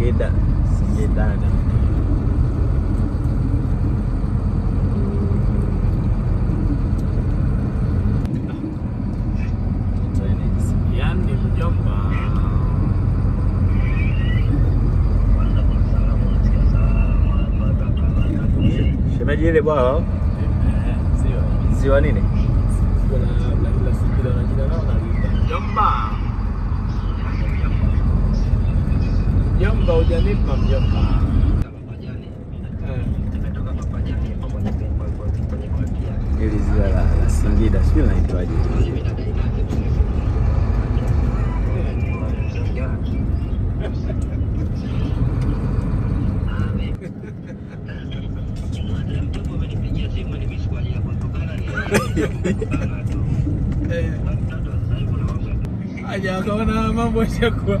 Singgida. Singgida na. Yan, nilujong pa. Shemeji ile ni ni. Ziwa. Ziwa nini? Ziwa la bila sisi bila na jina nao na Jomba. kutoka Ujani tunamjomba. Ili ziwa la Singida sio naitwaje. Aja akaona mambo yashakuwa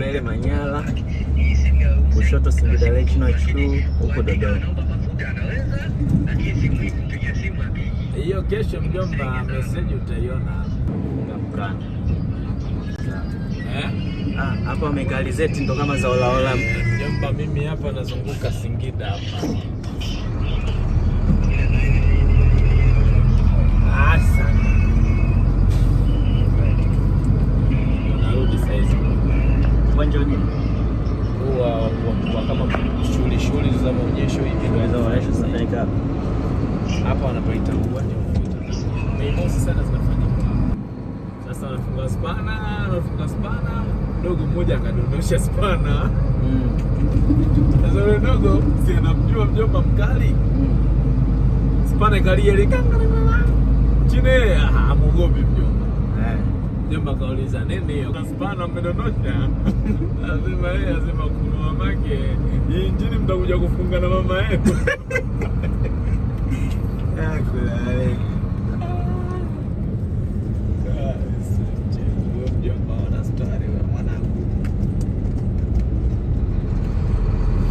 mbele Manyara, kushoto Singida Lake na chuo huko Dodoma. Hiyo kesho, mjomba, message utaiona mkanda eh? ah, hapa eh? Megalizeti ndo kama za eh, mjomba, mimi hapa nazunguka Singida hapa wanapaita uwanja Mei Mosi sana zinafanyika. Sasa anafunga spana, anafunga spana, dogo mmoja akadondosha spana. Sasa yule dogo si anamjua mjomba mkali. Spana ikalia ile chini, hamuogopi mjomba. Mjomba kauliza nini hiyo? Spana mmedondosha. Lazima yeye asema eh, kuna mamake. injini mtakuja kufunga na mama yetu.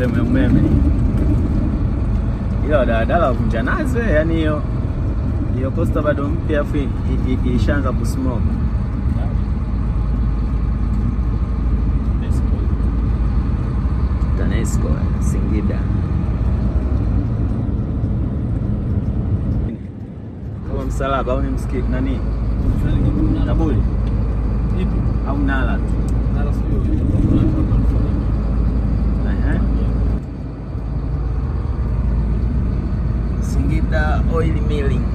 sehemu ya umeme, ila wadaladala wavunja nazo, yani hiyo hiyo costa bado mpya, afu ishaanza kusmoke TANESCO Singida. Kama msalaba au ni msikiti nani? Tabuli au Nala? oil milling.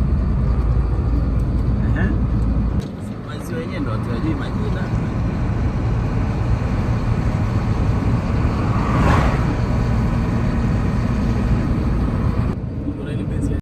Maziwa yenyewe ndo watu wajui majina.